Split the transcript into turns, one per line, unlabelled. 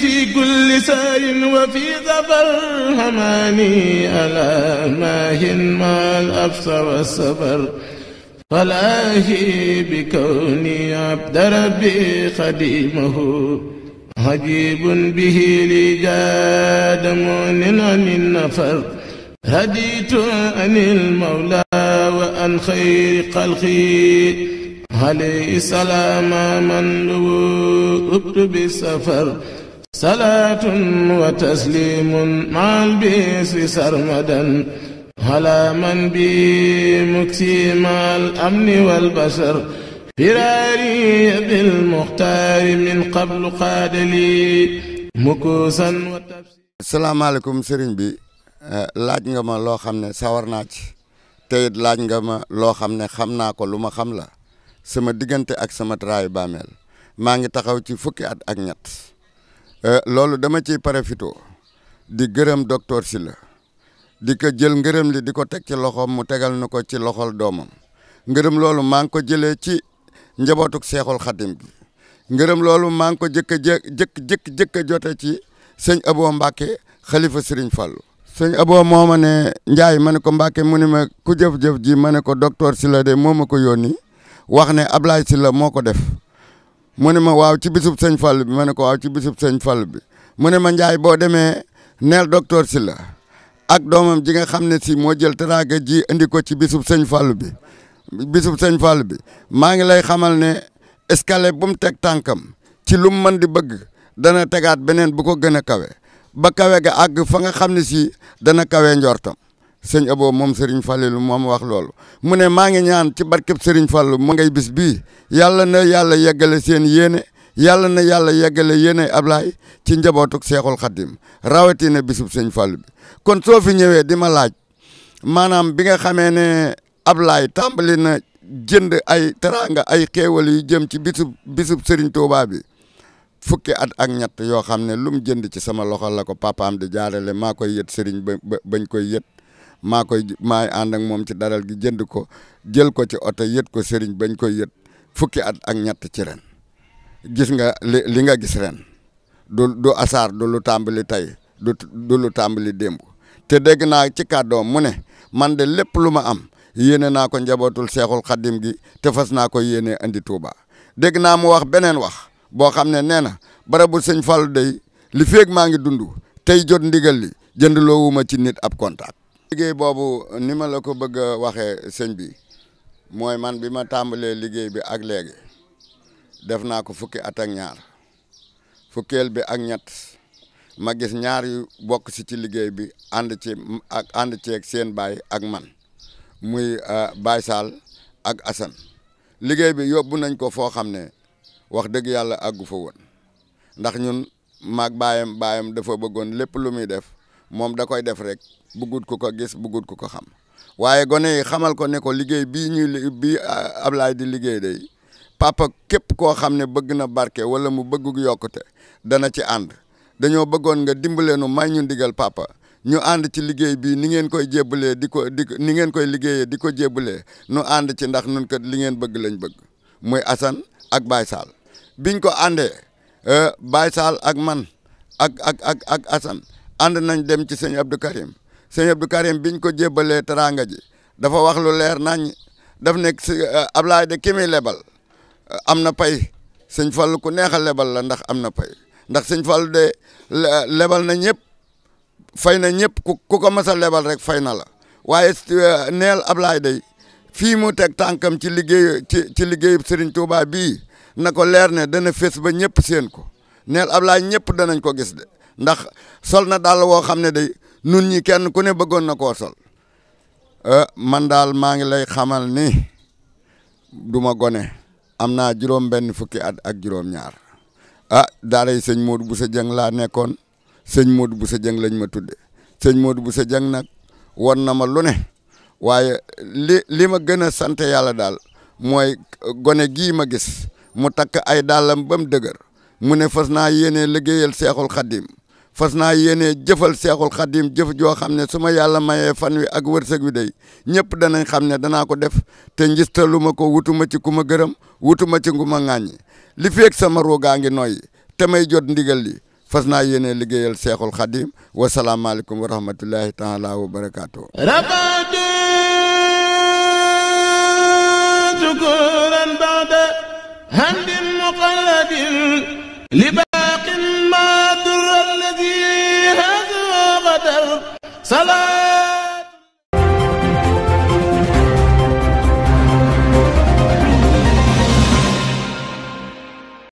في كل سار وفي ظفر هماني ألا ماهن ما الأبصر والصبر فلاهي بكوني عبد ربي خديمه عجيب به لي جاد مؤن عن النفر هديت عن المولى وعن خير خلقي عليه السلام من لو أكتب السفر salaatun wa tasliimun maal biis wi sarmadan ala man bi muksimaal amni wal bashar firaari
bil muxtaari min qablu qaadali mukuusan wa tafsir asalaamaaleykum sëriñ bi eh, laaj nga ma loo xam ne sawar naa ci laaj nga ma loo xam ne xam naa ko lu ma xam la sama diggante ak sama traayu bàmmeel maa ngi taxaw ci fukki at ak ñett Eh, loolu dama ciy parafito di gërëm docteur Sylla di ko jël ngërëm li di ko teg ci loxoom mu tegal na ko ci loxol doomam ngërëm loolu maa ngi ko jëlee ci njabootuk seexul xadim bi ngërëm loolu maa ngi ko jëkk a jëkk jëkk jëkk a jote ci sëñ Abo Mbacke xalifa Serigne Fallou sëñ Abo moo ma ne Ndiaye ma ne ko Mbacke mu ne ma ku jëf-jëf ji ma ne ko docteur Sylla de moo ma ko yónni wax ne Ablaye Sylla moo ko def mu ne ma waaw ci bisub sëñ Fall bi ma ne ko ci bisub sëñ Fall bi mu ne ma Njaay boo demee neel docteur la ak doomam ji nga xam ne si moo jël teraanga ji indi ko ci bisub sëñ Fall bi bisub sëñ Fall bi maa ngi lay xamal ne escalier bu mu teg tànkam ci lum mu mën di bëgg dana tegaat beneen bu ko gën a kawe ba kawe ga àgg fa nga xam ne si dana kawe njortam sëñ Abo moom Serigne Fallilou moom wax loolu mu ne maa ngi ñaan ci barkeb Serigne fallu mu ngay bis bii yàlla na yàlla yeggale seen yéene yàlla na yàlla yeggale yéene Ablaay ci njabootuk Seexul Xaddim rawatina bisub sëñ Fallou bi kon soo fi ñëwee di laaj maanaam bi nga xamee ne Ablaay tàmbali na jënd ay nga ay xéewal yu jëm ci bisub bisub Serigne Touba bi fukki at ak ñett yoo xam ne lu mu jënd ci sama loxo la ko papaam di jaarale maa koy yët Serigne ba bañ koy yët maa koy maay ànd ak moom ci daral gi jënd ko jël ko ci oto yët ko sëriñ bañ koy yët fukki at ak ñett ci gis nga li nga gis ren du du asaar du lu tàmbali tey du du lu tàmbali démb te dégg naa ci kàddoom mu ne man de lépp lu ma am yéene naa ko njabootul seexul xaddim gi te fas naa ko yéene andi tuuba dégg naa mu wax beneen wax boo xam ne nee na barabu sëñ Fallou dey li feeg maa ngi dund tey jot ndigal li jënd loowuma ci nit ab contact liggéey boobu ni ma la ko bëgg a waxee sëñ bi mooy man bi ma tàmbalee liggéey bi ak léegi def naa ko fukki at ñaar fukkeel bi ak ñett ma gis ñaar yu bokk si ci liggéey bi ànd ci ak ànd seen baay ak man muy euh, Baye Sall ak Assane liggéey bi yóbbu nañ ko foo xam ne wax dëgg yàlla àggu fa woon ndax ñun maag baayam baayam dafa bëggoon lépp lu muy def moom da koy def rek bëggut ku ko gis bëggut ku ko xam waaye gone yi xamal ko ne ko liggéey bii ñuy bii Ablaye di liggéey day papa képp koo xam ne bëgg na barke wala mu bëgg yokkute dana ci ànd dañoo bëggoon nga dimbale nu may ñu ndigal papa ñu ànd ci liggéey bi ni ngeen koy jébbalee di ko di ni ngeen koy liggéeyee di ko jébbalee nu ànd ci ndax nun kat li ngeen bëgg lañ bëgg muy Assane ak Baye biñ ko àndee eh, Baye ak man ak ak ak ak Assane ànd nañ dem ci sëñ Abdou Karim sëñ Abdou Karim biñ ko jébbalee teraanga ji dafa wax lu leer nañ daf nekk si eh, Ablaye de ki lebal eh, am na pay sëñ Fallu ku neex lebal la ndax am na pay ndax sëñ Fallu de lebal na ñëpp fay na ñëpp ku ku ko mas lebal rek fay na la waaye eh, neel Ablaye de fii mu teg tànkam ci liggéey ci ci liggéeyu Serigne Touba bii na ko leer ne dana fés ba ñëpp seen ko neel Ablaye ñëpp danañ ko gis de. ndax sol na daal woo xam ne day nun ñi kenn ku ne bëggoon na koo sol eh, man daal maa ngi lay xamal ni duma gone am naa juróom benn fukki at ak juróom ñaar ah daaray sëñ Modou Bousso Dieng laa nekkoon sëñ Modou Bousso Dieng lañ ma tudde sëñ Modou Bousso Dieng nag won na ma lu ne waaye li li ma gën a sant yàlla daal mooy gone gii ma gis mu takk ay dàllam ba mu dëgër mu ne fas naa yéene liggéeyal seexul xaddim fas naa yéenee jëfal seexul xadim jëf joo xam ne su ma yàlla mayee fan wi ak wërsëg wi day ñëpp danañ xam ne danaa ko def te njistaluma ko wutuma ci ku ma gërëm wutuma ci ngu ma ŋàññi li feeg sama ruugaa ngi nooy te may jot ndigal li fas naa yéenee liggéeyal seexul xadim wasalaamaaleykum wa rahmatullahi taala wa
salaam